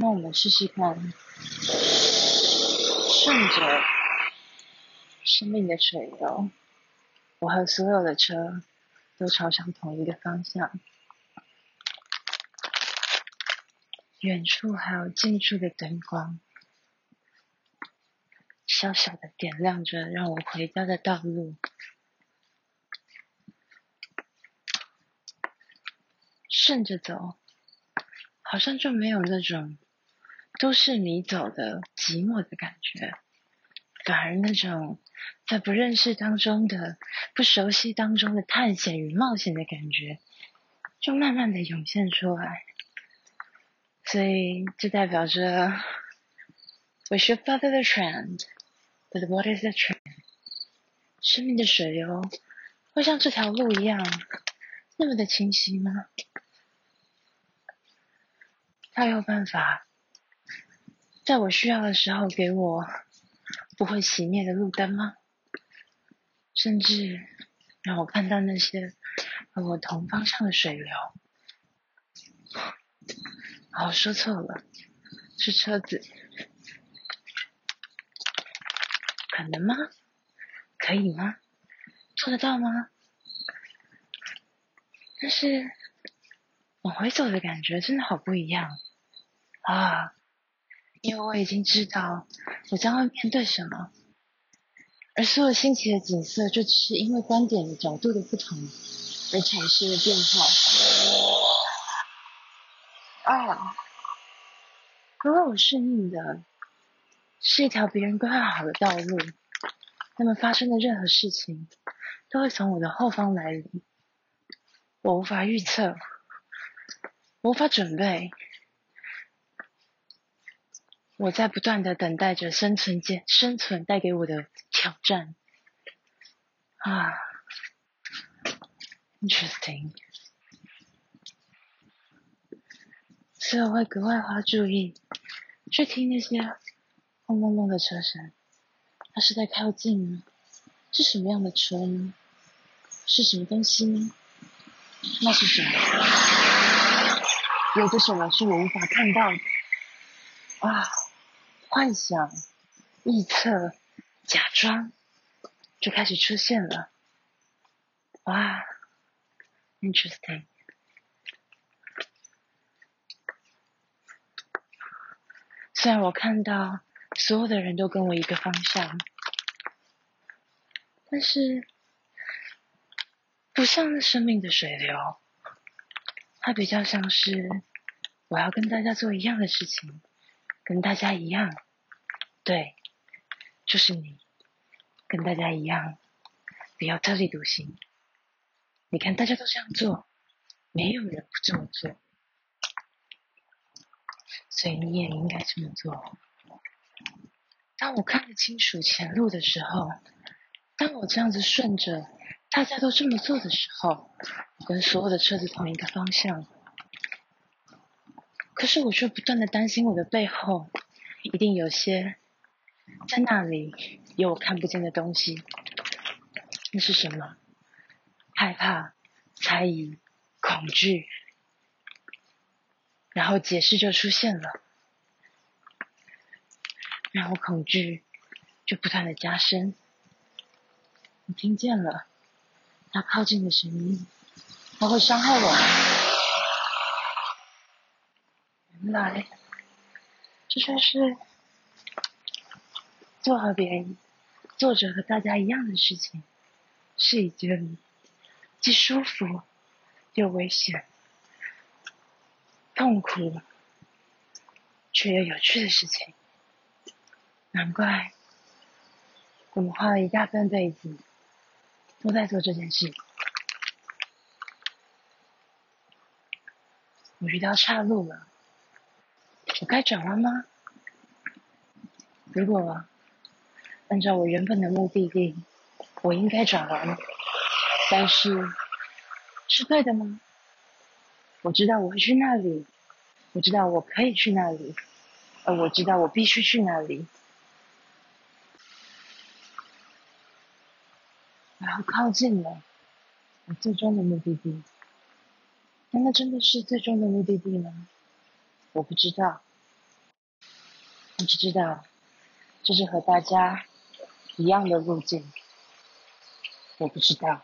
那我們試試看，順着生命的水流，我和所有的車都朝向同一個方向。遠處還有近處的燈光，小小的點亮着，讓我回家的道路。順着走，好像就沒有那種。都是你走的寂寞的感覺，反而那種在不認識當中的，不熟悉當中的探險與冒險的感覺，就慢慢的湧現出來。所以，這代表着 We should bother the trend，but what is the trend？生命的水流會像這條路一樣那麼的清晰嗎？他有辦法。在我需要的時候給我不會熄滅的路燈嗎？甚至讓我看到那些和我同方向的水流。哦，說錯了，是車子。可能嗎？可以嗎？做得到嗎？但是往回走的感覺真的好不一樣啊！因為我已經知道，我將會面對什麼，而所有新奇的景色，就只是因為觀點的角度的不同而產生了變化。啊，如果我順應的是一條別人規劃好的道路，那麼發生的任何事情都會從我的後方來臨，我無法預測，我無法準備。我在不斷的等待着生存間生存帶給我的挑戰啊，interesting，所以我會格外花注意去聽那些轟隆隆的車聲，它是在靠近嗎？是什麼樣的車呢？是什麼東西呢？那是什麼？有的什麼是我無法看到的？啊！幻想、臆測、假裝，就開始出現了。哇，interesting！雖然我看到所有的人都跟我一個方向，但是不像生命的水流，它比較像是我要跟大家做一樣的事情，跟大家一樣。對，就是你，跟大家一樣，不要特立獨行。你看，大家都這樣做，沒有人不這麼做，所以你也應該這麼做。當我看得清楚前路的時候，當我這樣子順着大家都這麼做的時候，我跟所有的車子同一個方向，可是我卻不斷的擔心我的背後一定有些。在那裡有我看不見的東西，那是什麼？害怕、猜疑、恐懼，然後解釋就出現了，然後恐懼就不斷的加深。你聽見了他靠近的聲音，他會傷害我。原來這算、就是……做和別人、做着和大家一樣的事情，是一件既舒服又危險、痛苦卻又有趣的事情。難怪我們花了一大半輩子都在做這件事。我遇到岔路了，我該轉彎嗎？如果、啊……按照我原本的目的地，我應該轉彎，但是是對的嗎？我知道我會去那裡，我知道我可以去那裡，而我知道我必須去那裡。然後靠近了我最終的目的地，難道真的是最終的目的地嗎？我不知道。我只知道這、就是和大家。一樣的路徑，我不知道。